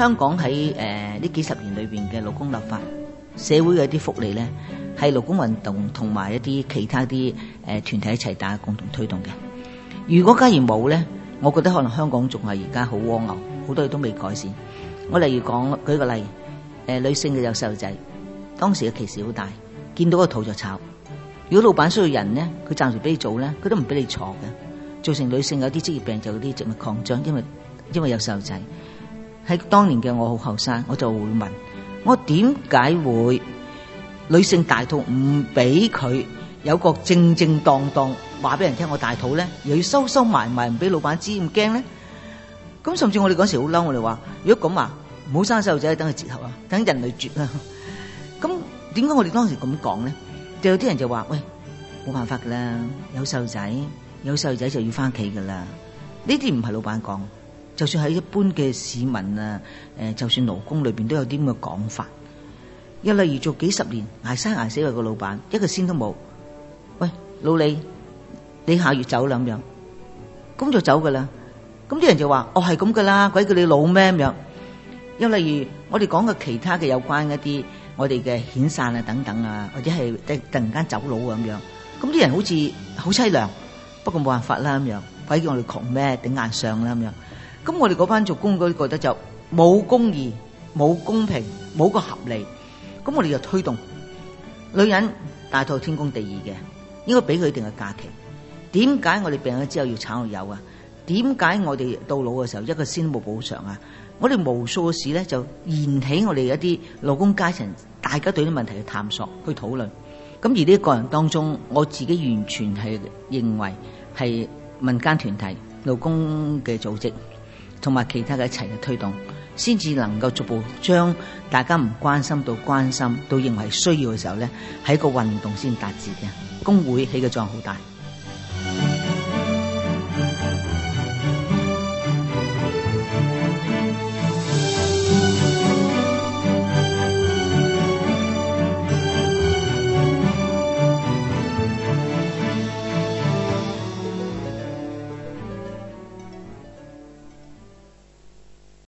香港喺誒呢幾十年裏邊嘅勞工立法、社會嘅一啲福利咧，係勞工運動同埋一啲其他啲誒、呃、團體一齊大家共同推動嘅。如果假如冇咧，我覺得可能香港仲係而家好蝸牛，好多嘢都未改善。我例如講，舉個例，誒、呃、女性嘅有細路仔，當時嘅歧視好大，見到個肚就炒。如果老闆需要人咧，佢暫時俾你做咧，佢都唔俾你坐嘅，造成女性有啲職業病就有啲靜脈曲張，因為因為有細路仔。喺當年嘅，我好後生，我就會問：我點解會女性大肚唔俾佢有個正正當當話俾人聽我大肚咧，又要收收埋埋唔俾老闆知咁驚咧？咁甚至我哋嗰時好嬲，我哋話：如果咁啊，唔好生細路仔，等佢折頭啊，等人類絕啊！咁點解我哋當時咁講咧？就有啲人就話：喂，冇辦法噶啦，有細路仔，有細路仔就要返屋企噶啦。呢啲唔係老闆講。就算喺一般嘅市民啊，誒，就算勞工裏邊都有啲咁嘅講法。又例如做幾十年捱生捱死嘅個老闆，一個仙都冇。喂，老李，你下月走啦咁樣，咁就走噶啦。咁啲人就話：哦，係咁噶啦，鬼叫你老咩咁樣。又例如我哋講嘅其他嘅有關一啲我哋嘅遣散啊等等啊，或者係即係突然間走佬咁樣，咁啲人好似好淒涼，不過冇辦法啦咁樣，鬼叫我哋窮咩，頂硬上啦咁樣。咁我哋嗰班做工嗰啲覺得就冇公義、冇公平、冇個合理。咁我哋就推動女人大套天公地義嘅，應該俾佢一定嘅假期。點解我哋病咗之後要炒我魷啊？點解我哋到老嘅時候一個先冇補償啊？我哋無數嘅事咧就燃起我哋一啲勞工階層大家對呢啲問題嘅探索、去討論。咁而呢個人當中，我自己完全係認為係民間團體勞工嘅組織。同埋其他嘅一齊嘅推動，先至能夠逐步將大家唔關心到關心，到認為需要嘅時候咧，喺一個運動先達至嘅。工會起嘅作用好大。